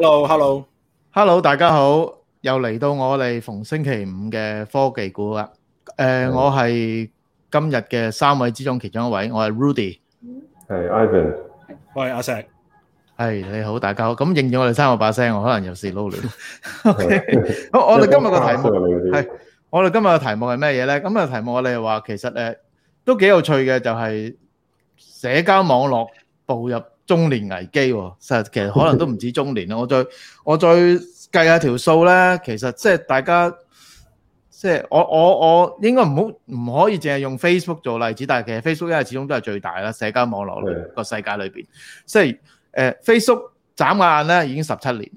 Hello，Hello，Hello，大家好，又嚟到我哋逢星期五嘅科技股啦。誒，我係今日嘅三位之中其中一位，我係 Rudy，係 Ivan，我係阿石，係你好，大家好。咁應咗我哋三個把聲，我可能又是撈亂。OK，咁我哋今日嘅題目係，我哋今日嘅題目係咩嘢咧？今日嘅題目我哋話其實誒都幾有趣嘅，就係社交網絡步入。中年危機喎，實其實可能都唔止中年啦。 我再我再計下條數咧，其實即係大家即係、就是、我我我應該唔好唔可以淨係用 Facebook 做例子，但係其實 Facebook 因為始終都係最大啦，社交網絡個世界裏面。即係、呃、Facebook 眨下眼咧已經十七年，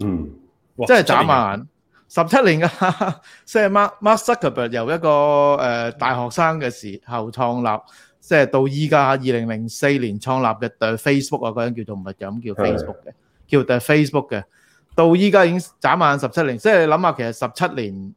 嗯，真係、就是、眨下眼十七年㗎，即係 Mark Zuckerberg 由一個、呃、大學生嘅時候創立。即係到依家，二零零四年創立嘅 The Facebook 啊，嗰陣叫做唔係咁叫 Facebook 嘅，叫 The Facebook 嘅。到依家已經眨眼十七年，即係你諗下其實十七年，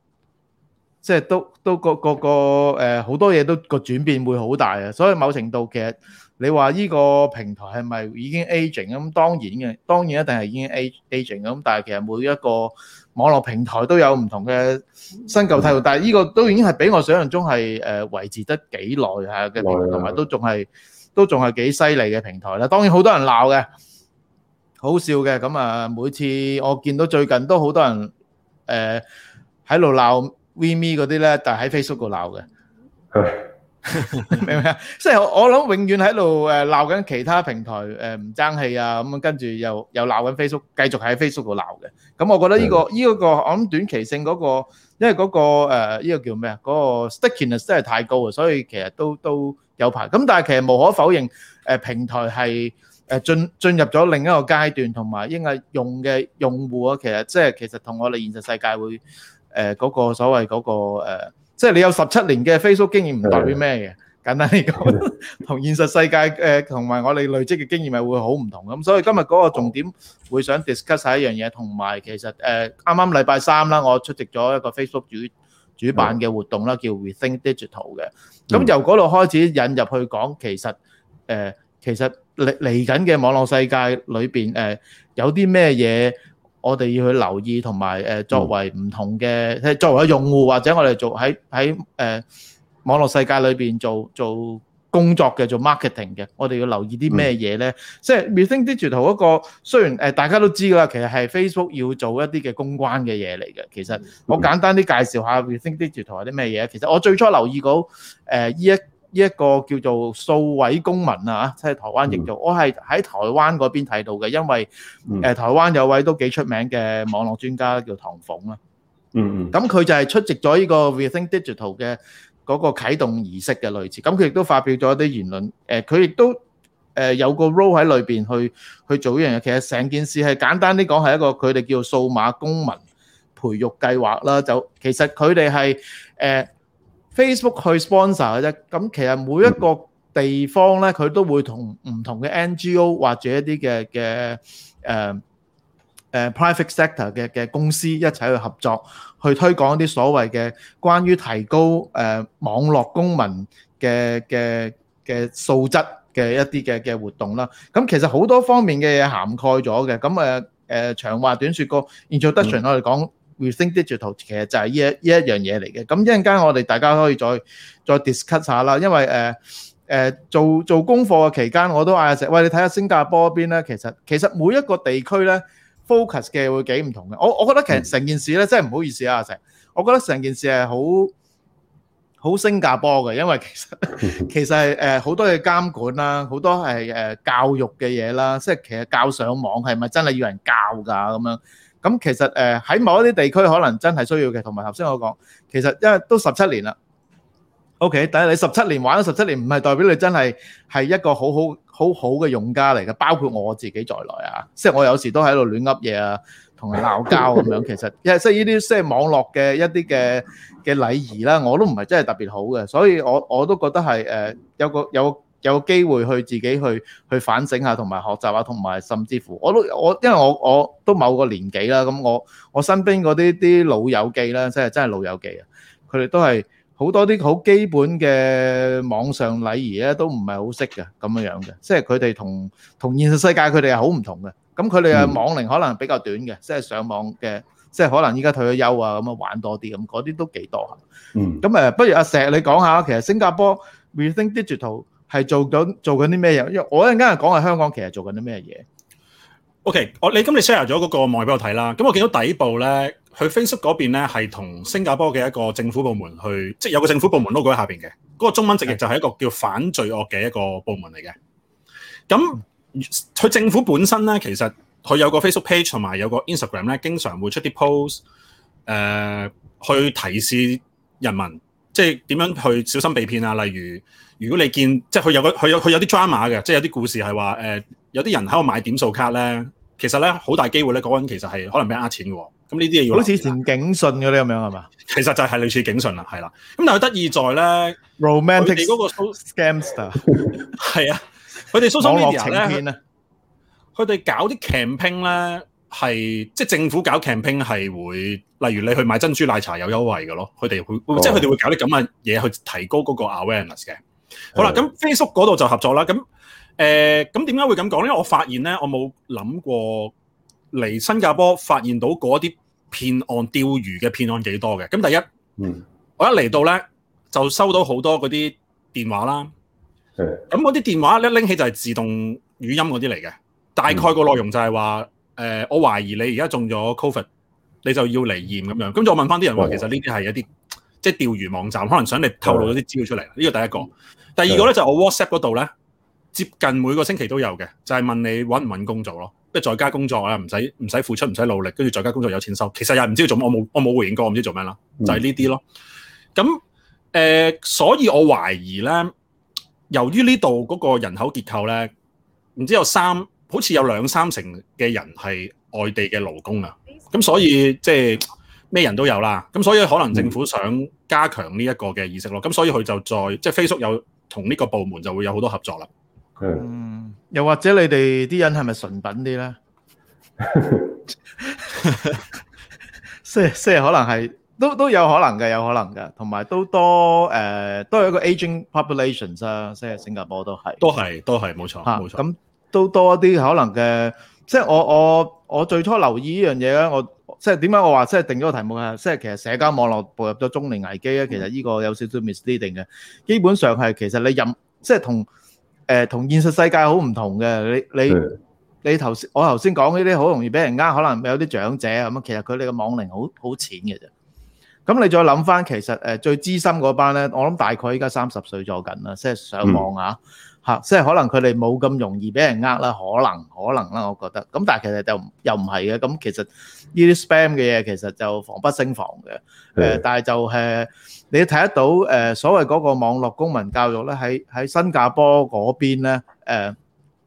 即係都都個個個誒好多嘢都個轉變會好大啊！所以某程度其實你話呢個平台係咪已經 aging 咁？當然嘅，當然一定係已經 aging 咁，但係其實每一個。網絡平台都有唔同嘅新舊態度，但係呢個都已經係比我想象中係誒維持得幾耐嚇嘅平台，同埋都仲係都仲係幾犀利嘅平台啦。當然好多人鬧嘅，好笑嘅咁啊！每次我見到最近都好多人誒喺度鬧 VMe 嗰啲咧，但係喺 Facebook 度鬧嘅。明唔明啊？即係我諗永遠喺度誒鬧緊其他平台誒唔爭氣啊咁啊，跟住又又鬧緊 Facebook，繼續喺 Facebook 度鬧嘅。咁我覺得呢個呢一個，我諗短期性嗰個，因為嗰個誒呢個叫咩啊？嗰個 stickiness 真係太高啊，所以其實都都有排。咁但係其實無可否認，誒平台係誒進進入咗另一個階段，同埋應係用嘅用戶啊，其實即係其實同我哋現實世界會誒嗰個所謂嗰個誒。即係你有十七年嘅 Facebook 經驗唔代表咩嘅？簡單嚟講，同現實世界誒同埋我哋累積嘅經驗係會好唔同咁。所以今日嗰個重點會想 discuss 下一樣嘢，同埋其實誒啱啱禮拜三啦，我出席咗一個 Facebook 主主辦嘅活動啦，叫 ReThink Digital 嘅。咁由嗰度開始引入去講，其實誒其實嚟嚟緊嘅網絡世界裏邊誒有啲咩嘢？我哋要去留意同埋誒作為唔同嘅，作為用戶或者我哋做喺喺誒網絡世界裏邊做做工作嘅，做 marketing 嘅，我哋要留意啲咩嘢咧？即、嗯、係 Rethink Digital 嗰、那個雖然誒、呃、大家都知啦，其實係 Facebook 要做一啲嘅公關嘅嘢嚟嘅。其實我簡單啲介紹下 Rethink Digital 係啲咩嘢。其實我最初留意到誒。依、呃、一。呢一個叫做數位公民啊，即係台灣譯做，我係喺台灣嗰邊睇到嘅，因為誒台灣有位都幾出名嘅網絡專家叫唐鳳啦。嗯，咁佢就係出席咗呢個 ReThink Digital 嘅嗰個啟動儀式嘅類似，咁佢亦都發表咗啲言論。誒，佢亦都誒有個 role 喺裏邊去去做呢樣嘢。其實成件事係簡單啲講，係一個佢哋叫做數碼公民培育計劃啦。就其實佢哋係誒。Facebook 去 sponsor 嘅啫，咁其實每一個地方咧，佢都會同唔同嘅 NGO 或者一啲嘅嘅誒誒 private sector 嘅嘅公司一齊去合作，去推廣一啲所謂嘅關於提高誒網絡公民嘅嘅嘅素質嘅一啲嘅嘅活動啦。咁其實好多方面嘅嘢涵蓋咗嘅。咁誒誒長話短説，個 introduction 我哋講。rethink digital 其實就係依一依一樣嘢嚟嘅，咁一陣間我哋大家可以再再 discuss 下啦，因為誒誒做做功課嘅期間，我都嗌阿石，喂，你睇下新加坡邊咧，其實其實每一個地區咧 focus 嘅會幾唔同嘅，我我覺得其實成件事咧真係唔好意思啊，阿石，我覺得成件事係好好新加坡嘅，因為其實其實係誒好多嘢監管啦，好多係誒教育嘅嘢啦，即係其實教上網係咪真係要人教㗎咁樣？咁其實誒喺某一啲地區可能真係需要嘅，同埋頭先我講，其實因為都十七年啦。OK，但係你十七年玩咗十七年，唔係代表你真係係一個好好好好嘅用家嚟嘅，包括我自己在內啊。即係我有時都喺度亂噏嘢啊，同人鬧交咁樣。其實因為即係呢啲即係網絡嘅一啲嘅嘅禮儀啦，我都唔係真係特別好嘅，所以我我都覺得係誒有個有。有機會去自己去去反省下，同埋學習啊，同埋甚至乎我都我，因為我我都某個年紀啦，咁我我身邊嗰啲啲老友記啦，即係真係老友記啊！佢哋都係好多啲好基本嘅網上禮儀咧，都唔係好識嘅咁嘅樣嘅，即係佢哋同同現實世界佢哋係好唔同嘅。咁佢哋嘅網齡可能比較短嘅，即係上網嘅，即係可能依家退咗休啊，咁啊玩多啲咁嗰啲都幾多啊。嗯，咁誒，不如阿石你講下，其實新加坡 Rethink Digital。係做緊做緊啲咩嘢？因為我一陣間係講下香港，其實在做緊啲咩嘢？OK，我你咁你 share 咗嗰個網頁俾我睇啦。咁我見到底部咧，佢 Facebook 嗰邊咧係同新加坡嘅一個政府部門去，即係有個政府部門 logo 喺下邊嘅。嗰個中文直譯就係一個叫反罪惡嘅一個部門嚟嘅。咁佢政府本身咧，其實佢有個 Facebook page 同埋有個 Instagram 咧，經常會出啲 post，誒、呃、去提示人民。即係點樣去小心被騙啊？例如，如果你見即係佢有個佢有佢有啲 drama 嘅，即係有啲故事係話誒，有啲人喺度買點數卡咧，其實咧好大機會咧，嗰、嗰個人其實係可能俾呃錢嘅喎。咁呢啲嘢要果好似前警訊嗰啲咁樣係嘛？其實就係類似警訊啦，係啦。咁但係得意在咧，romantic 嗰個 so- scamster 係 啊，佢哋 social media 咧，佢哋、啊、搞啲 camping 咧。係即係政府搞 campaign 係會，例如你去買珍珠奶茶有優惠嘅咯，佢哋會、oh. 即係佢哋會搞啲咁嘅嘢去提高嗰個 awareness 嘅。Oh. 好啦，咁 Facebook 嗰度就合作啦。咁誒，咁點解會咁講咧？我發現咧，我冇諗過嚟新加坡發現到嗰啲騙案釣魚嘅騙案幾多嘅。咁第一，mm. 我一嚟到咧就收到好多嗰啲電話啦。咁嗰啲電話咧拎起就係自動語音嗰啲嚟嘅，大概個內容就係話。Mm. 呃、我懷疑你而家中咗 COVID 你就要嚟驗咁樣咁就我問翻啲人話，其實呢啲係一啲、oh. 即係釣魚網站，可能想你透露咗啲資料出嚟。呢、oh. 個第一個，第二個咧就係、我 WhatsApp 嗰度咧，接近每個星期都有嘅，就係、係、問你揾唔揾工做咯，即係在家工作啦，唔使唔使付出，唔使努力，跟住在家工作有錢收。其實又唔知做乜，我冇我冇回應過，我唔知做咩啦，就係呢啲咯。咁、呃、所以我懷疑咧，由於呢度嗰個人口結構咧，唔知有三。好似有兩三成嘅人係外地嘅勞工啊，咁所以即係咩人都有啦，咁所以可能政府想加強呢一個嘅意識咯，咁所以佢就再即係 Facebook 有同呢個部門就會有好多合作啦。嗯，又或者你哋啲人係咪純品啲咧？即係即係可能係都都有可能嘅，有可能嘅，同埋都多誒、呃，都係一個 aging population 啊，即係新加坡都係。都係都係冇錯、啊、冇錯咁。都多一啲可能嘅，即係我我我最初留意呢樣嘢咧，我即係點解我話即係定咗個題目啊，即係其實社交網絡步入咗中年危機咧，其實呢個有少少 misleading 嘅。基本上係其實你任即係同誒同現實世界好唔同嘅，你你你頭先我頭先講呢啲好容易俾人呃，可能有啲長者咁啊，其實佢哋嘅網齡好好淺嘅啫。咁你再諗翻，其實誒最資深嗰班咧，我諗大概依家三十歲左近啦，即係上網嚇嚇，即係可能佢哋冇咁容易俾人呃啦，可能可能啦，我覺得。咁但係其實就又唔係嘅，咁其實呢啲 spam 嘅嘢其實就防不勝防嘅。誒，但係就係，你睇得到誒所謂嗰個網絡公民教育咧，喺喺新加坡嗰邊咧，誒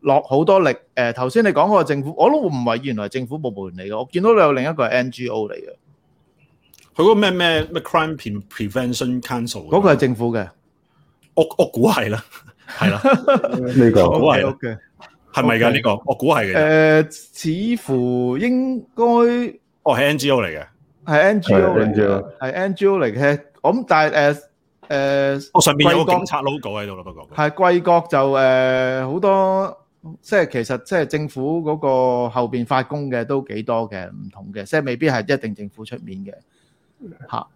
落好多力。誒頭先你講嗰個政府，我都唔係原來政府部門嚟嘅，我見到你有另一個 NGO 嚟嘅。佢嗰個咩咩咩 crime pre prevention council 嗰、嗰個係政府嘅，屋屋估係啦，係啦，呢個估係，係咪㗎呢個？我估係嘅。誒、呃，似乎應該，哦係 NGO 嚟嘅，係 NGO 嚟嘅，係 NGO 嚟嘅。咁但係誒誒，我、呃、上邊有個警察 logo 喺度咯，不過係貴國就誒好、呃、多，即係其實即係政府嗰個後邊發工嘅都幾多嘅，唔同嘅，即係未必係一定係政府出面嘅。吓、啊，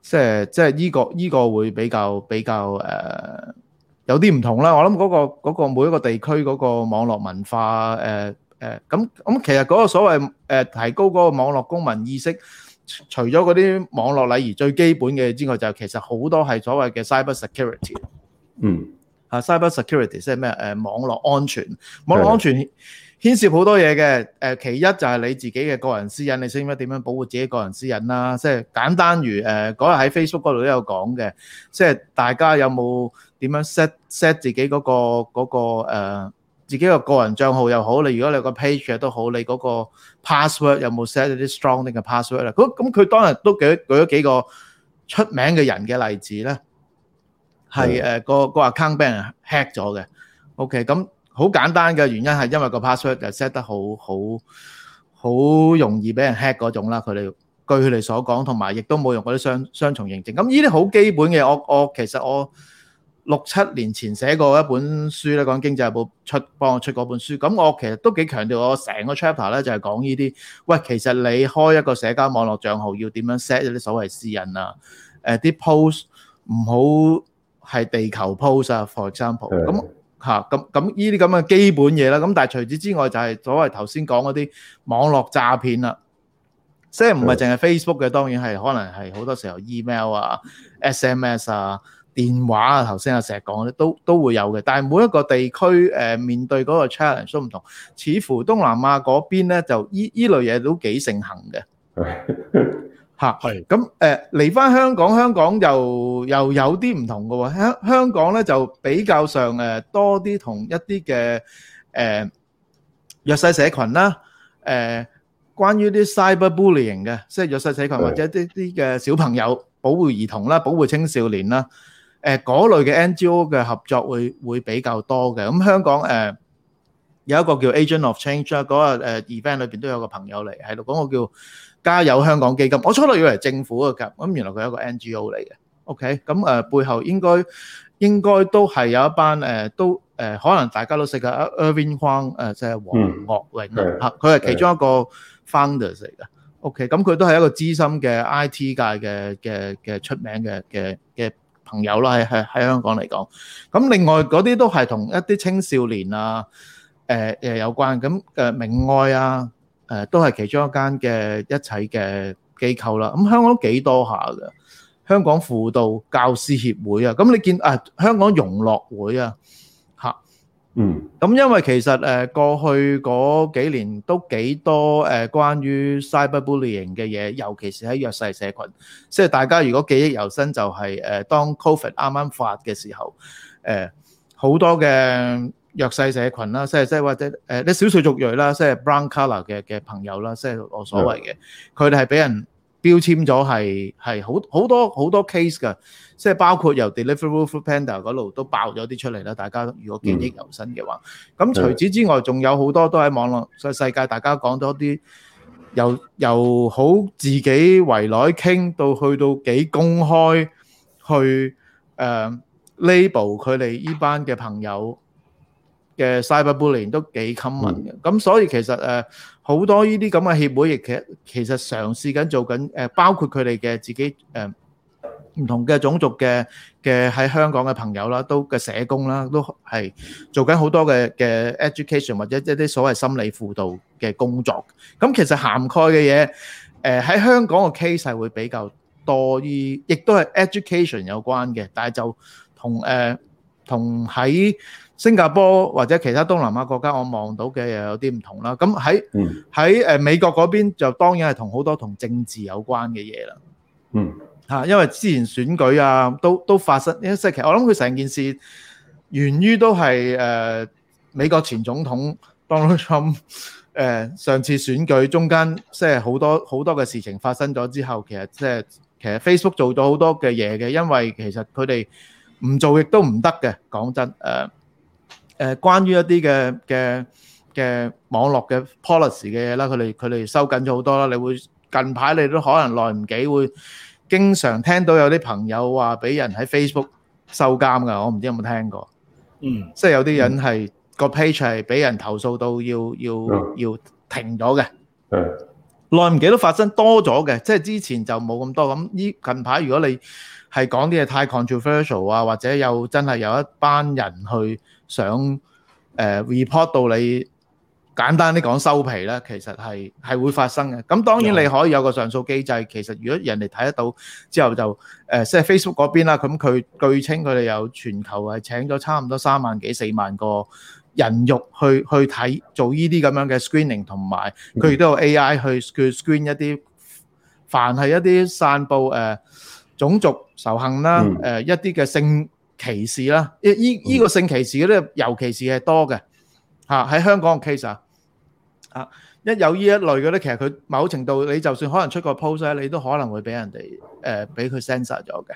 即係即係，這、依個依、這個會比較比較誒、呃、有啲唔同啦。我諗嗰、那個、那個每一個地區嗰個網絡文化誒誒，咁、呃、咁、呃嗯嗯、其實嗰個所謂誒、呃、提高嗰個網絡公民意識，除咗嗰啲網絡禮儀最基本嘅之外，就其實好多係所謂嘅 cyber security。嗯、吓、啊、cyber security 即係咩？誒、呃，網絡安全，網絡安全。牽涉好多嘢嘅，誒其一就係你自己嘅個人私隱，你識唔識點樣保護自己個人私隱啦？即係簡單如誒嗰日喺 Facebook 嗰度都有講嘅，即係大家有冇點樣 set set 自己嗰個嗰個誒自己個個人帳號又好，好，你如果你個 page 都好，你嗰個 password 有冇 set 啲 strong 啲嘅 password 啦，咁佢當日都舉舉咗幾個出名嘅人嘅例子咧，係誒，嗯，呃嗰個 account 俾人 hack 咗嘅。OK，咁。好簡單嘅原因係因為個 password 就 set 得好好好容易俾人 hack 嗰種啦。佢哋據佢哋所講，同埋亦都冇用嗰啲雙雙重認證。咁呢啲好基本嘅嘢，我我其實我六七年前寫過一本書咧，講經濟日報出幫我出嗰本書。咁我其實都幾強調，我成個 chapter 咧就係講呢啲。喂，其實你開一個社交網絡帳號要點樣 set 啲所謂私隱啊？誒，啲 post 唔好係地球 post 啊。For example，咁。嚇，咁咁呢啲咁嘅基本嘢啦，咁但係除此之外就係所謂頭先講嗰啲網絡詐騙啦，即係唔係淨係 Facebook 嘅，當然係可能係好多時候 email 啊、SMS 啊、電話啊，頭先阿石講嗰啲都都會有嘅。但係每一個地區誒、呃、面對嗰個 challenge 都唔同，似乎東南亞嗰邊咧就呢呢類嘢都幾盛行嘅。 吓，係咁，誒，嚟翻香港，香港又又有啲唔同嘅喎。香香港咧就比較上誒多啲同一啲嘅誒弱勢社群啦，誒，關於啲 cyberbullying 嘅，即係弱勢社群或者啲啲嘅小朋友保護兒童啦，保護青少年啦，誒嗰類嘅 NGO 嘅合作會會比較多嘅。咁香港誒。有一個叫 Agent of Change 嗰個 event 裏面都有個朋友嚟喺度講，我叫加油香港基金。我初初以為政府嘅㗎，咁原來佢係一個 N G O 嚟嘅。OK，咁誒背後應該應該都係有一班誒都誒，可能大家都識嘅 Erwin Huang 即係黃岳永，啊、嗯，佢係其中一個 founders 嚟嘅。OK，咁佢都係一個資深嘅 IT 界嘅嘅嘅出名嘅嘅嘅朋友啦，喺喺喺香港嚟講。咁另外嗰啲都係同一啲青少年啊。誒誒有關咁誒明愛啊，誒都係其中一間嘅一切嘅機構啦。咁香港幾多下嘅？香港輔導教師協會啊，咁你見啊香港融樂會啊，嚇，嗯。咁因為其實誒過去嗰幾年都幾多誒關於 cyberbullying 嘅嘢，尤其是喺弱勢社群。即係大家如果記憶猶新，就係誒當 COVID 啱啱發嘅時候，誒好多嘅。弱勢社群啦，即係即係或者誒啲少數族裔啦，即係 brown color 嘅嘅朋友啦，即係我所謂嘅。佢哋係俾人標籤咗，係係好好多好多 case 㗎。即係包括由 Deliveroo Foodpanda 嗰度都爆咗啲出嚟啦。大家如果記憶猶新嘅話，咁除此之外，仲有好多都喺網絡世世界，大家講多啲由由好自己圍內傾，到去到幾公開去誒 label 佢哋呢班嘅朋友。嘅 Cyberbullying 都幾 common 嘅，咁所以其實誒好多呢啲咁嘅協會，亦其實其實嘗試緊做緊誒，包括佢哋嘅自己誒唔同嘅種族嘅嘅喺香港嘅朋友啦，都嘅社工啦，都係做緊好多嘅嘅 education 或者一啲所謂心理輔導嘅工作。咁其實涵蓋嘅嘢誒喺香港嘅 case 係會比較多啲，亦都係 education 有關嘅，但係就同誒同喺。新加坡或者其他東南亞國家，我望到嘅又有啲唔同啦。咁喺喺誒美國嗰邊就當然係同好多同政治有關嘅嘢啦。嗯，嚇，因為之前選舉啊，都都發生。因為即係其實我諗佢成件事源於都係誒美國前總統 Donald Trump 誒上次選舉中間，即係好多好多嘅事情發生咗之後，其實即係其實 Facebook 做咗好多嘅嘢嘅，因為其實佢哋唔做亦都唔得嘅。講真，誒。誒，關於一啲嘅嘅嘅網絡嘅 policy 嘅嘢啦，佢哋佢哋收緊咗好多啦。你會近排你都可能耐唔幾會經常聽到有啲朋友話俾人喺 Facebook 收監噶，我唔知有冇聽過。嗯，即係有啲人係、嗯、個 page 係俾人投訴到要要、嗯、要停咗嘅。誒、嗯，耐唔幾都發生多咗嘅，即係之前就冇咁多。咁依近排如果你係講啲嘢太 controversial 啊，或者有真係有一班人去想誒 report、呃、到你簡單啲講收皮啦，其實係係會發生嘅。咁當然你可以有個上訴機制。其實如果人哋睇得到之後就誒、呃，即係 Facebook 嗰邊啦，咁佢據稱佢哋有全球係請咗差唔多三萬幾四萬個人肉去去睇做呢啲咁樣嘅 screening，同埋佢亦都有 AI 去 screen 一啲凡係一啲散布誒、呃、種族仇恨啦，誒、呃嗯、一啲嘅性。歧視啦，呢依依個性歧視嗰尤其是係多嘅，嚇喺香港嘅 case 啊，一有呢一類嘅咧，其實佢某程度你就算可能出個 post 咧，你都可能會俾人哋誒俾佢 censor 咗嘅。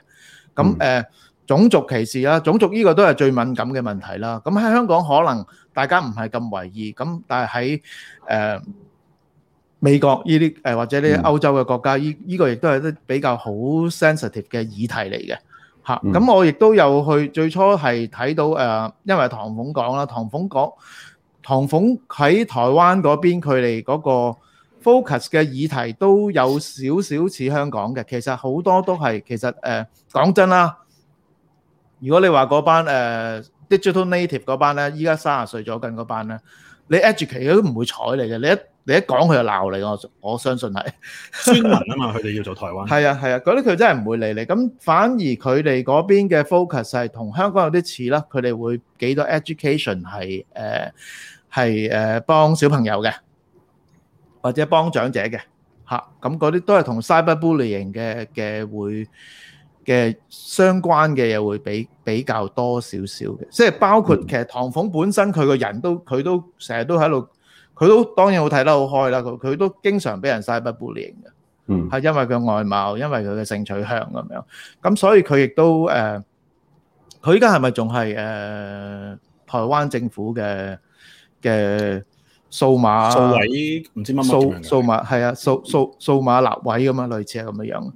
咁、呃、誒、呃、種族歧視啦，種族呢個都係最敏感嘅問題啦。咁喺香港可能大家唔係咁為意，咁但係喺誒美國呢啲誒或者呢啲歐洲嘅國家，呢、這、依個亦都係一啲比較好 sensitive 嘅議題嚟嘅。咁、啊、我亦都有去，最初係睇到、呃、因為唐鳳講啦，唐鳳講，唐鳳喺台灣嗰邊佢哋嗰個 focus 嘅議題都有少少似香港嘅，其實好多都係其實誒呃、講真啦，如果你話嗰班誒、呃、digital native 嗰班咧，依家三十歲左近嗰班咧，你 educate 佢都唔會睬你嘅，你一。你一講佢就鬧你，我我相信係專門啊嘛，佢哋要做台灣。係啊係啊，嗰啲佢真係唔會理你。咁反而佢哋嗰邊嘅 focus 係同香港有啲似啦，佢哋會幾多 education 係誒係誒幫小朋友嘅，或者幫長者嘅嚇。咁嗰啲都係同 cyber bullying 嘅嘅會嘅相關嘅嘢會比比較多少少嘅，即係包括其實唐鳳本身佢個人都佢都成日都喺度。佢都當然好睇得好開啦，佢佢都經常俾人嘥不布林嘅，係、嗯、因為佢外貌，因為佢嘅性取向咁樣，咁所以佢亦都誒，佢依家係咪仲係誒台灣政府嘅嘅數碼數位唔知乜乜數數碼係啊數數數碼立位咁樣，類似係咁嘅樣。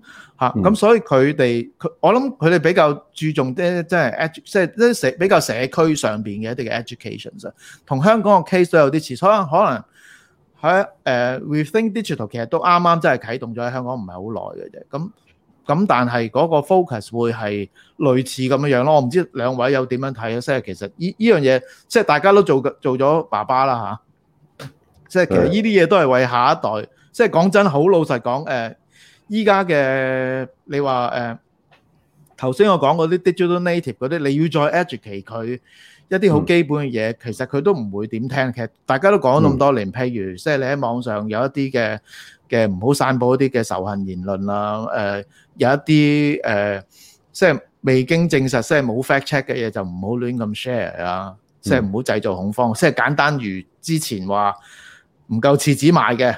咁、啊、所以佢哋佢，我諗佢哋比較注重啲，即係 edu 即係啲社比較社區上邊嘅一啲嘅 education 啊，同香港嘅 case 都有啲似，所以可能喺誒、呃、We Think Digital 其實都啱啱真係啟動咗喺香港唔係好耐嘅啫，咁咁但係嗰個 focus 會係類似咁樣樣咯，我唔知兩位有點樣睇，即係其實呢依樣嘢，即係大家都做做咗爸爸啦嚇，即係其實呢啲嘢都係為下一代，即係講真好老實講誒。呃依家嘅你話誒頭先我講嗰啲 digital native 嗰啲，你要再 educate 佢一啲好基本嘅嘢，嗯，其實佢都唔會點聽。其實大家都講咗咁多年，嗯、譬如即係、就是、你喺網上有一啲嘅嘅唔好散播一啲嘅仇恨言論啊，誒、呃、有一啲誒即係未經證實，即係冇 fact check 嘅嘢就唔好亂咁 share 啊，即係唔好製造恐慌。即、嗯、係、就是、簡單如之前話唔夠廁紙買嘅。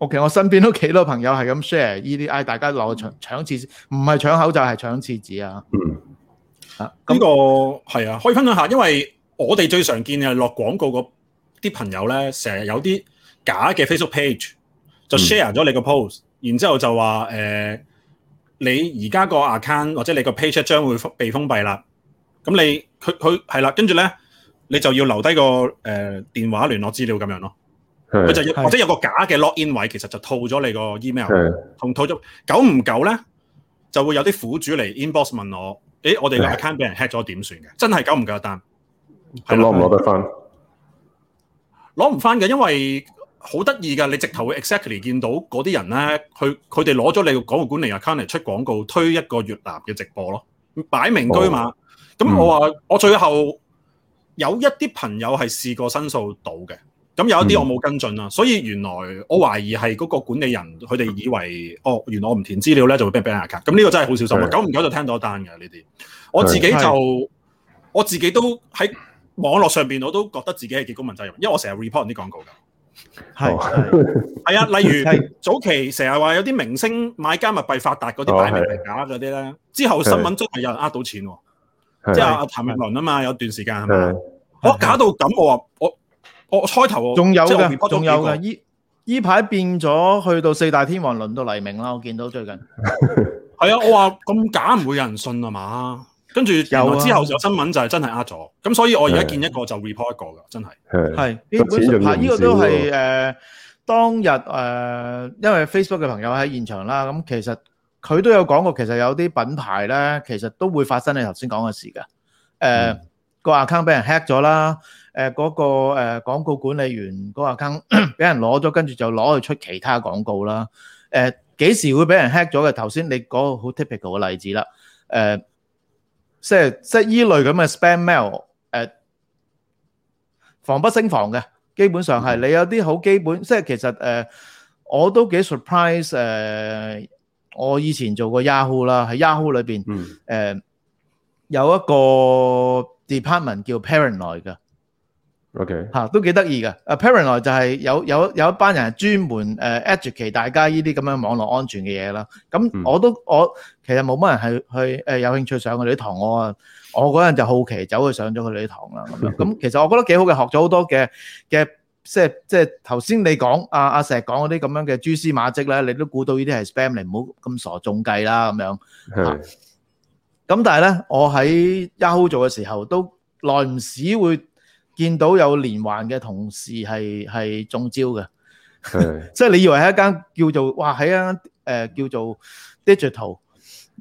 我、okay，其實我身邊都幾多朋友係咁 share EDI，大家攞搶搶廁紙，唔係搶口罩，係搶廁紙啊！啊，呢、這個係啊，可以分享一下，因為我哋最常見嘅落廣告個啲朋友咧，成日有啲假嘅 Facebook page 就 share 咗你個 post，嗯、然之後就話誒、呃、你而家個 account 或者你個 page 將會被封閉啦。咁你佢佢係啦，跟住咧你就要留低個誒、呃、電話聯絡資料咁樣咯。佢就，或者有個假嘅 login 位，其實就套咗你個 email，同套咗，久唔久咧就會有啲苦主嚟 inbox 問我：誒，我哋 account 俾人 hack 咗點算嘅？真係久唔久一單，係攞唔攞得翻？攞唔翻嘅，因為好得意㗎，你直頭會 exactly 見到嗰啲人咧，佢佢哋攞咗你廣告管理 account 嚟出廣告推一個越南嘅直播咯，擺明居馬。咁、哦、我話、啊嗯、我最後有一啲朋友係試過申訴到嘅。咁有一啲我冇跟進啊，所以原來我懷疑係嗰個管理人佢哋以為哦，原來我唔填資料咧就會俾俾人 ban account，咁呢個真係好小心。啊，久唔久就聽到單嘅呢啲，我自己就我自己都喺網絡上邊我都覺得自己係幾公民責任，因為我成日 report 啲廣告㗎。係係啊，例如早期成日話有啲明星買加密幣發達嗰啲擺明係假嗰啲咧，之後新聞中係有人呃到錢喎，即係阿譚詠麟啊嘛，有段時間係咪？我搞到咁我話，我。哦、我開頭仲有嘅，仲有嘅。依依排變咗，去到四大天王輪到黎明啦。我見到最近係啊，我話咁假唔會有人信有啊嘛。跟住之後就新聞就係真係呃咗，咁所以我而家見一個就 report 一個嘅，真係係。呢、呢個都係誒、呃、當日誒、呃，因為 Facebook 嘅朋友喺現場啦，咁其實佢都有講過，其實有啲品牌咧，其實都會發生你頭先講嘅事嘅。誒、呃嗯、個 account 俾人 hack 咗啦。誒、呃，嗰、那個誒廣、呃、告管理員嗰個 account 俾人攞咗，跟住就攞去出其他廣告啦。誒、呃，幾時會俾人 hack 咗嘅？頭先你講個好 typical 嘅例子啦。誒、呃，即係即係依類咁嘅 spam mail，誒、呃、防不勝防嘅。基本上係你有啲好基本，即係其實誒、呃、我都幾 surprise、呃。誒，我以前做過 Yahoo 啦，喺 Yahoo 裏邊，誒、嗯呃、有一個 department 叫 paranoid 來嘅。OK 吓，都幾得意嘅。Apparently 就係有有有一班人係專門誒 educate 大家呢啲咁樣網絡安全嘅嘢啦。咁我都、嗯、我其實冇乜人係去誒有興趣上佢哋堂。我啊，我嗰陣就好奇走去上咗佢哋堂啦。咁樣咁 其實我覺得幾好嘅，學咗好多嘅嘅，即係即係頭先你講阿阿石講嗰啲咁樣嘅蛛絲馬跡咧，你都估到呢啲係 spam 嚟，唔好咁傻中計啦咁樣。咁、啊、但係咧，我喺 Yahoo 做嘅時候都耐唔時會。見到有連環嘅同事係係中招嘅，即係你以為係一間叫做哇，喺一間誒叫做 digital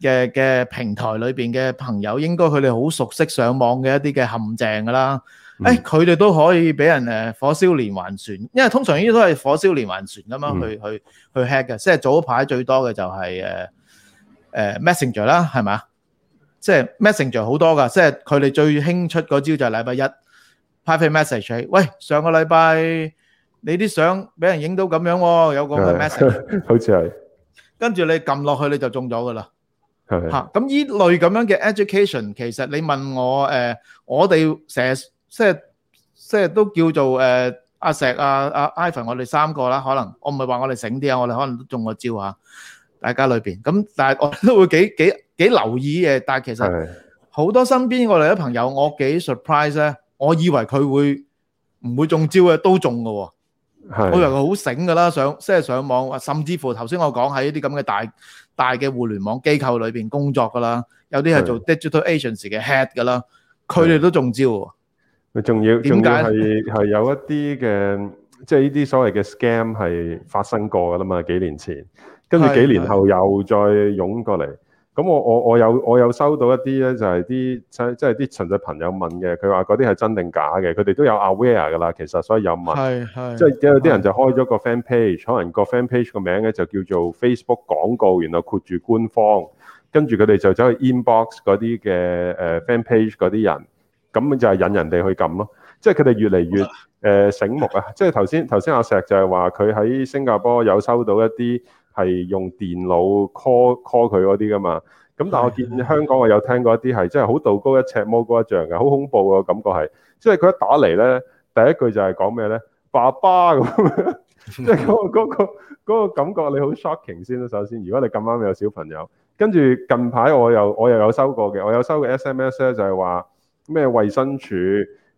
嘅嘅平台裏邊嘅朋友，應該佢哋好熟悉上網嘅一啲嘅陷阱㗎啦。誒，佢哋都可以俾人誒火燒連環船，因為通常呢啲都係火燒連環船咁樣去去去 hack 嘅。即係早排最多嘅就係誒誒 Messenger 啦，係咪？即係 Messenger 好多㗎，即係佢哋最興出嗰招就係禮拜一。Private Message 喂，上個禮拜，你啲相，俾人影到咁樣喎，有個嘅 Message？好似係。跟住你撳落去，你就中咗㗎喇。咁呢類咁樣嘅 education, 其實你問我，呃，我哋成日，即係，即係，我以為佢會唔會中招嘅，都中㗎喎。我以為佢好醒㗎啦，上即係上網，甚至乎頭先我講喺啲咁嘅大大嘅互聯網機構裏邊工作㗎啦，有啲係做 digital agents 嘅 head 㗎啦，佢哋都中招。佢仲要點解係係有一啲嘅，即係呢啲所謂嘅 scam 係發生過㗎喇嘛？幾年前，跟住幾年後又再湧過嚟。咁我我我有我有收到一啲咧，就係啲即即係啲純粹朋友問嘅，佢話嗰啲係真定假嘅，佢哋都有 aware 嘅啦。其實所以有問，即係、係、係、有啲人就開咗個 fan page，可能個 fan page 個名咧就叫做 Facebook 廣告，然後括住官方，跟住佢哋就走去 inbox 嗰啲嘅誒 fan page 嗰啲人，咁就係引人哋去撳咯。即係佢哋越嚟越誒、 呃、醒目啊！即係頭先頭先阿石就係話佢喺新加坡有收到一啲。係用電腦 call call 佢嗰啲㗎嘛。咁但係我見香港，我有聽過一啲係真係好道高一尺魔高一丈嘅，好恐怖嘅感覺係。即係佢一打嚟咧，第一句就係講咩咧？爸爸咁樣，即係嗰個嗰、 嗰個嗰個嗰個、感覺你好 shocking 先啦。首先，如果你咁啱有小朋友，跟住近排我又我又有收過嘅，我有收嘅 sms 咧就係話咩衛生署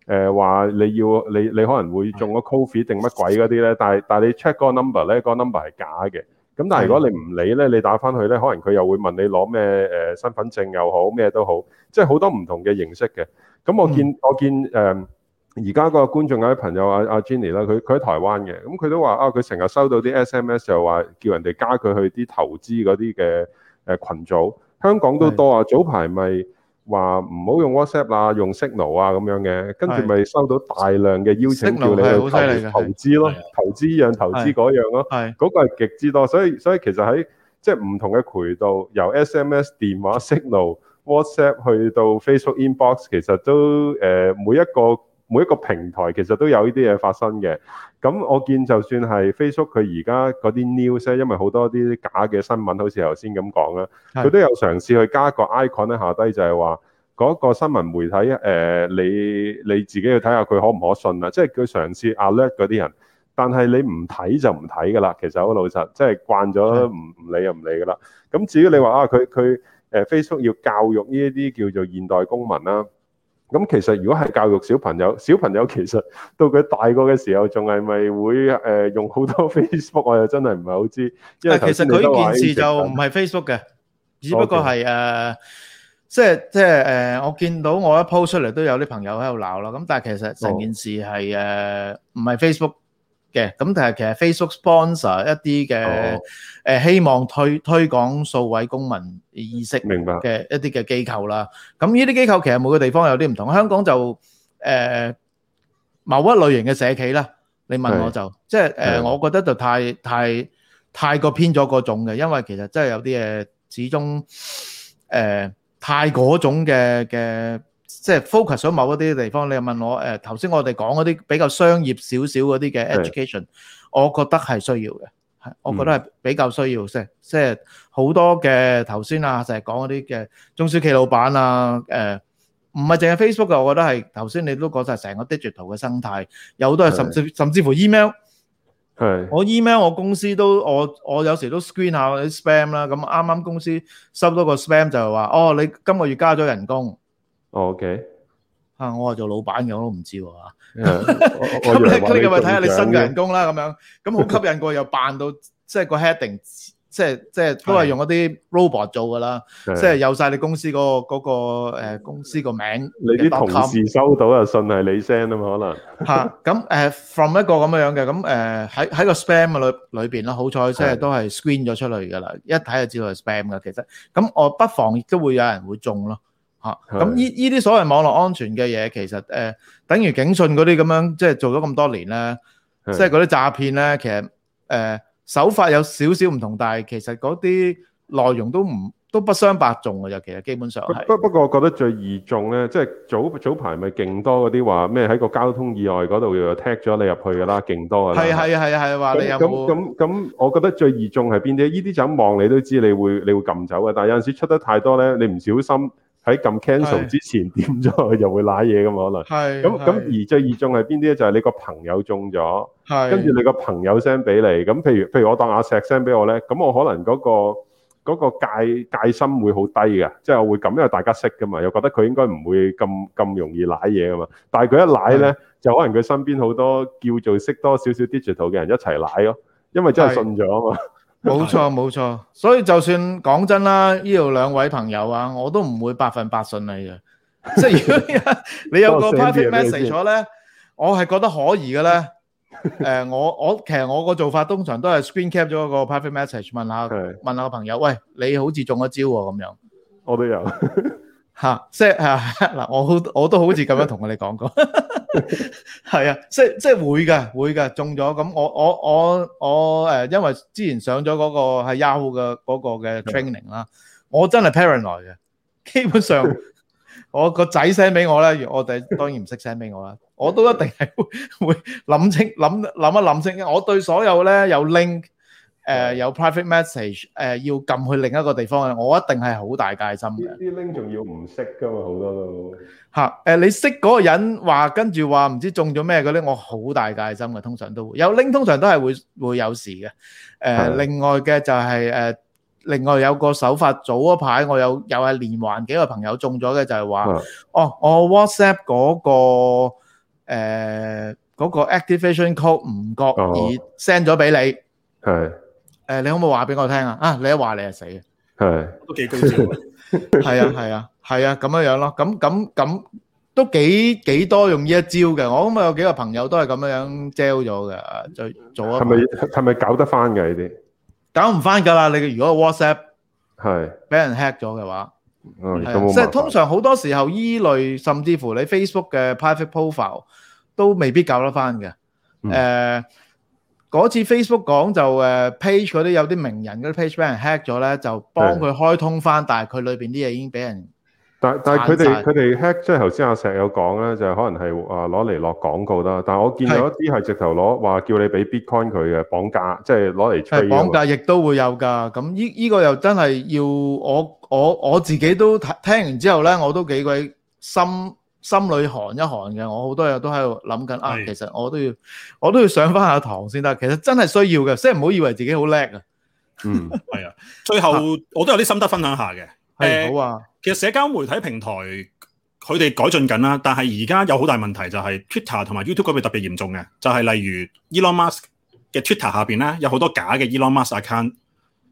誒話、呃、你要你你可能會中咗 COVID 定乜鬼嗰啲咧，但係但係你 check 個 number 咧、個 number 係假嘅。咁但係如果你唔理咧，你打翻去咧，可能佢又會問你攞咩身份證又好，咩都好，即係好多唔同嘅形式嘅。咁我見、嗯、我見誒，而家個觀眾有啲朋友阿阿 Jenny 啦，佢佢喺台灣嘅，咁佢都話啊，佢成日收到啲 SMS 又話叫人哋加佢去啲投資嗰啲嘅羣組，香港都多啊。早排咪。話唔好用 WhatsApp 啦，用 Signal 啊咁樣嘅，跟住咪收到大量嘅邀請，叫你去睇投資咯，投資樣投資嗰樣咯，嗰、嗰個係極之多，所以所以其實喺即係唔同嘅渠道，由 SMS 電話、Signal、WhatsApp 去到 Facebook Inbox，其實都誒、呃、每一個。每一個平台其實都有呢啲嘢發生嘅，咁我見就算係 Facebook 佢而家嗰啲 news 因為好多啲假嘅新聞，好似頭先咁講啦，佢都有嘗試去加個 icon 喺下低，就係話嗰個新聞媒體誒、呃，你你自己去睇下佢可唔可信啦、啊，即係佢嘗試 alert 嗰啲人，但係你唔睇就唔睇噶啦，其實好老實，即係慣咗唔唔理就唔理噶啦。咁至於你話啊，佢佢、呃、Facebook 要教育呢一啲叫做現代公民啦、啊。咁其實如果係教育小朋友，小朋友其實到佢大個嘅時候，仲係咪會誒用好多 Facebook，我又真係唔係好知。因為其實佢件事就唔係 Facebook 嘅，只不過係誒，即係即係誒，我見到我一 post 出嚟，都有啲朋友喺度鬧啦。咁但係其實成件事係誒，唔係 Facebook。嘅咁，但係其實 Facebook sponsor 一啲嘅誒希望推推廣數位公民意識，明白嘅一啲嘅機構啦。咁呢啲機構其實每個地方有啲唔同。香港就誒、呃、某一類型嘅社企啦。你問我就即係、呃、我覺得就太太太過偏咗嗰種嘅，因為其實真係有啲嘢始終誒、呃、太嗰種嘅嘅。即係 focus 咗某一啲地方，你又問我誒，頭先我哋講嗰啲比較商業少少嗰啲嘅 education，我覺得係需要嘅，我覺得係比較需要，即係即係好多嘅頭先啊，成日講嗰啲嘅中小企老闆啊，誒唔係淨係 Facebook 嘅，我覺得係頭先你都講晒成個 digital 嘅生態，有好多係甚至甚至乎 email，我 email 我公司都我我有時都 screen 下啲 spam 啦，咁啱啱公司收多個 spam 就係話哦，你今個月加咗人工。O K，啊，我話做老闆嘅我都唔知喎，咁你咁你有冇睇下你新嘅人工啦？咁樣咁好吸引過，又扮到即係個 heading，即係即係都係用一啲 robot 做噶啦，即係有晒你公司嗰嗰個誒公司個名。你啲同事收到就信係你 send 啊嘛？可能吓咁誒，from 一個咁樣樣嘅咁誒喺喺個 spam 嘅裏裏邊啦，好彩即係都係 screen 咗出嚟噶啦，一睇就知道係 spam 噶。其實咁我不妨亦都會有人會中咯。吓咁呢啲所謂網絡安全嘅嘢，其實誒、呃，等於警訊嗰啲咁樣，即係做咗咁多年咧，即係嗰啲詐騙咧，其實誒、呃、手法有少少唔同，但係其實嗰啲內容都唔都不相伯仲嘅，就其實基本上不不，不過我覺得最易中咧，即係早早排咪勁多嗰啲話咩喺個交通意外嗰度又踢咗你入去㗎啦，勁多啊係係係係話你有冇咁咁咁？我覺得最易中係邊啲？呢啲就望你都知你會，你會你會撳走嘅。但係有陣時候出得太多咧，你唔小心。喺撳 cancel 之前點咗佢就會舐嘢㗎嘛，可能，咁咁而最易中係邊啲咧？就係、是、你個朋友中咗，跟住你個朋友 send 俾你，咁譬如譬如我當阿石 send 俾我咧，咁我可能嗰、那個嗰、那個戒戒心會好低嘅，即、就、係、是、會咁，因為大家識噶嘛，又覺得佢應該唔會咁咁容易舐嘢噶嘛，但係佢一舐咧，就可能佢身邊好多叫做識多少少 digital 嘅人一齊舐咯，因為真係信咗啊嘛。 冇錯冇錯，所以就算講真啦，呢度兩位朋友啊，我都唔會百分百信你嘅，即係如果你有個 private message 咗咧， 我係覺得可疑嘅咧。誒、呃，我我其實我個做法通常都係 screen cap 咗個 private message，問下 問下個朋友，喂，你好似中咗招喎、啊、咁樣，我都有吓即吓嗱，我好我都好似咁樣同佢哋講過。 係啊，即係即係會嘅，會嘅中咗咁我我我我誒，因為之前上咗嗰個係 Yahoo 嘅嗰個嘅 training 啦，我真係 paranoid 嘅，基本上我個仔 send 俾我咧，我哋當然唔識 send 俾我啦，我都一定係會諗清諗諗一諗清，我對所有咧有 link。誒，有 private message，誒，要撳去另一個地方嘅，我一定係好大戒心嘅。啲 link 仲要唔識噶嘛，好多都吓。誒，你識嗰個人話跟住話唔知中咗咩嘅 link，我好大戒心嘅。通常都會有 link，通常都係會會有事嘅。誒，另外嘅就係誒，另外有個手法，早一排我有又係連環幾個朋友中咗嘅，就係話哦，我 WhatsApp 嗰個誒嗰個 activation code 唔覺意 send 咗俾你係。誒，你可唔可以話俾我聽啊？啊，你一話你係死嘅，係都幾高招，係啊係啊係啊咁樣樣咯。咁咁咁都幾幾多用呢一招嘅。我諗有幾個朋友都係咁樣樣 sell 咗嘅，就做一係咪係咪搞得翻嘅呢啲？搞唔翻噶啦，你如果 WhatsApp 係俾人 hack 咗嘅話，哦，即係通常好多時候依類，甚至乎你 Facebook 嘅 private profile 都未必搞得翻嘅。誒。嗰次 Facebook 講，就誒 page 嗰啲，有啲名人嗰啲 page 俾人 hack 咗咧，就幫佢開通返，但係佢裏邊啲嘢已經俾人但但係佢哋佢哋 hack，即係頭先阿石有講咧，就係可能係啊攞嚟落廣告啦。但我見到一啲係直頭攞話叫你俾 Bitcoin 佢嘅，綁架即係攞嚟出嚟綁架，亦都會有㗎。咁呢呢個又真係要我我我自己都聽完之後咧，我都幾鬼心。心裏寒一寒嘅，我好多嘢都喺度諗緊啊。其實我都要，我都要上翻下堂先得。其實真係需要嘅，即係唔好以為自己好叻啊。嗯， 係啊。最後我都有啲心得分享一下嘅。誒、欸，好啊。其實社交媒體平台佢哋改進緊啦，但係而家有好大問題就係 Twitter 同埋 YouTube 嗰邊特別嚴重嘅，就係例如 Elon Musk 嘅 Twitter 下邊咧，有好多假嘅 Elon Musk account。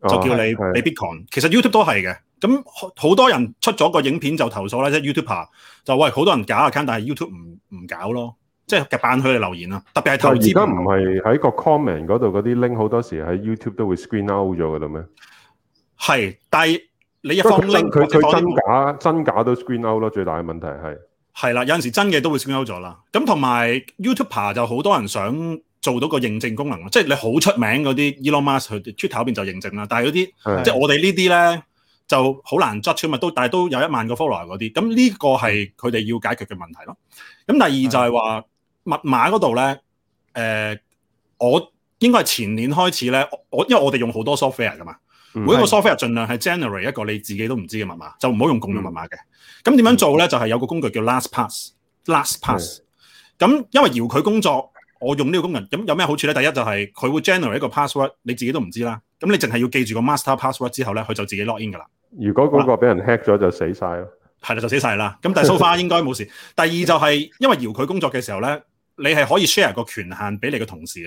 哦、就叫你俾 Bitcoin 其實 YouTube 都係嘅。咁好多人出咗個影片就投訴啦，即、就、係、是、YouTuber 就喂好多人假 account，但係 YouTube 唔唔搞咯，即係夾版佢嘅留言啦。特別係投資。而家唔係喺個 comment 嗰度嗰啲 link 好多時喺 YouTube 都會 screen out 咗嘅啦咩？係，但係你一放 link 佢佢真假，link，真，假真假都 screen out 咯，最大嘅問題係係啦，有陣時真嘅都會 screen out 咗啦。咁同埋 YouTuber 就好多人想。做到個認證功能即係你好出名嗰啲 Elon Musk 佢出頭嗰邊就認證啦。但係嗰啲即係我哋呢啲咧就好難 judge 都，但係都有一萬個 follower 嗰啲。咁呢個係佢哋要解決嘅問題咯。咁第二就係話密碼嗰度咧，誒、呃、我應該係前年開始咧，我因為我哋用好多 software 㗎嘛，每一個 software 盡量係 generate 一個你自己都唔知嘅密碼，就唔好用共用密碼嘅。咁點樣做咧？就係、是、有個工具叫 LastPass，LastPass last。咁 pass、嗯、因為遙距工作。我用呢個功能咁有咩好處咧？第一就係佢會 generate 一個 password，你自己都唔知啦。咁你淨係要記住個 master password 之後咧，佢就自己 log in 㗎啦。如果嗰個俾人 hack 咗，就死晒咯。係啦，就死晒啦。咁但 so far 應該冇 事。第二就係、是、因為搖佢工作嘅時候咧，你係可以 share 個權限俾你個同事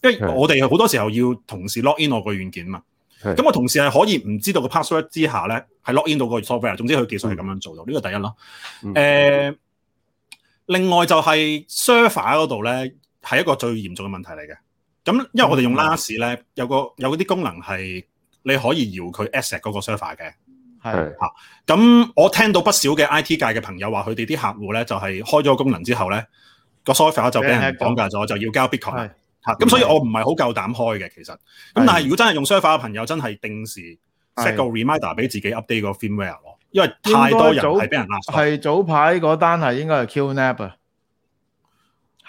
嘅，因為我哋好多時候要同事 log in 我個軟件嘛。咁我同事係可以唔知道個 password 之下咧，係 log in 到個 software。總之佢技術係咁樣做到，呢、嗯、個第一咯。誒、嗯，另外就係 server 嗰度咧。係一個最嚴重嘅問題嚟嘅，咁因為我哋用拉屎咧，有個有嗰啲功能係你可以搖佢 access 嗰個 server 嘅，係咁我聽到不少嘅 IT 界嘅朋友話，佢哋啲客戶咧就係開咗功能之後咧，個 server 就俾人綁架咗，就要交 bitcoin。嚇，咁所以我唔係好夠膽開嘅，其實。咁但係如果真係用 server 嘅朋友，真係定時 set 個 reminder 俾自己 update 個 firmware，因為太多人係俾人壓。係早排嗰單係應該係 Qnap 啊。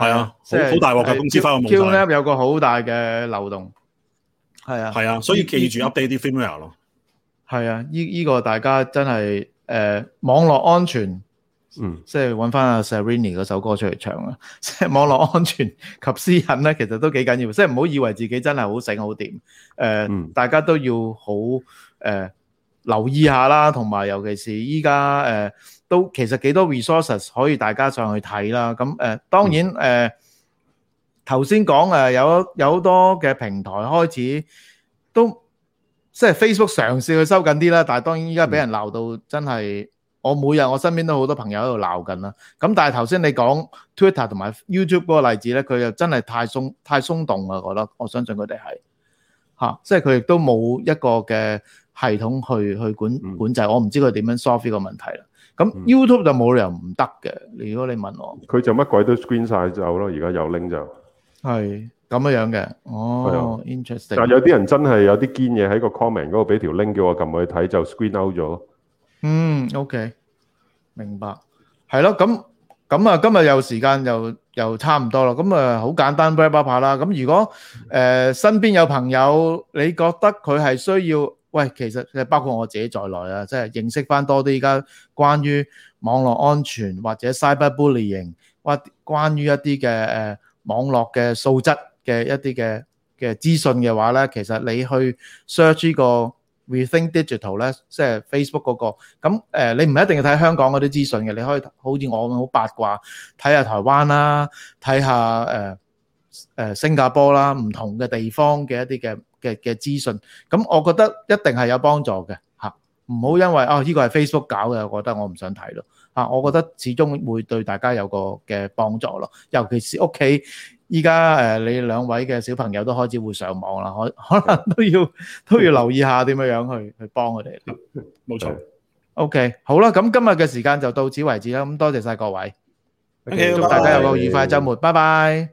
係啊，好、就、好、是、大鑊嘅、就是、公司翻個 QNAP，有個好大嘅漏洞，係啊，係啊，所以記住 update 啲 firmware 咯，係啊，依、這、依個大家真係誒、呃、網絡安全，嗯，即係揾翻阿 Sarini 嗰首歌出嚟唱啊，即係網絡安全及私隱咧，其實都幾緊要，即係唔好以為自己真係好醒好掂，誒、呃嗯，大家都要好誒。呃留意下啦，同埋尤其是依家誒都其實幾多 resources 可以大家上去睇啦。咁、啊、誒當然誒頭先講誒有有好多嘅平台開始都即係、就是、Facebook 嘗試去收緊啲啦。但係當然依家俾人鬧到真係，嗯、我每日我身邊都好多朋友喺度鬧緊啦。咁、啊、但係頭先你講 Twitter 同埋 YouTube 嗰個例子咧，佢又真係太鬆太鬆動啊！我覺得我相信佢哋係吓，即係佢亦都冇一個嘅。系統去去管管制，我唔知佢點樣 solve 呢個問題啦。咁 YouTube 就冇理由唔得嘅。如果你問我，佢就乜鬼都 screen 曬走咯。而家有 link 就係咁樣嘅。哦，interesting。但係有啲人真係有啲堅嘢喺個 comment 嗰度俾條 link 叫我撳去睇，就 screen out 咗。嗯，OK，明白。係咯，咁咁啊，今日有時間又又差唔多啦。咁啊，好簡單，wrap up 啦。咁如果誒身邊有朋友，你覺得佢係需要？喂，其實包括我自己在內啊，即係認識翻多啲依家關於網絡安全或者 cyberbullying，或關於一啲嘅誒網絡嘅素質嘅一啲嘅嘅資訊嘅話咧，其實你去 search 依個 We Think Digital 咧，即係 Facebook 嗰個，咁誒你唔一定要睇香港嗰啲資訊嘅，你可以好似我咁好八卦，睇下台灣啦，睇下誒誒新加坡啦，唔同嘅地方嘅一啲嘅，嘅嘅資訊，咁我覺得一定係有幫助嘅嚇，唔好因為啊呢個係 Facebook 搞嘅，我覺得我唔想睇咯嚇，我覺得始終會對大家有個嘅幫助咯，尤其是屋企依家誒你兩位嘅小朋友都開始會上網啦，可可能都要都要留意下點樣樣去去幫佢哋。冇錯。OK，好啦，咁今日嘅時間就到此為止啦，咁多謝曬各位，祝大家有個愉快嘅週末，拜拜。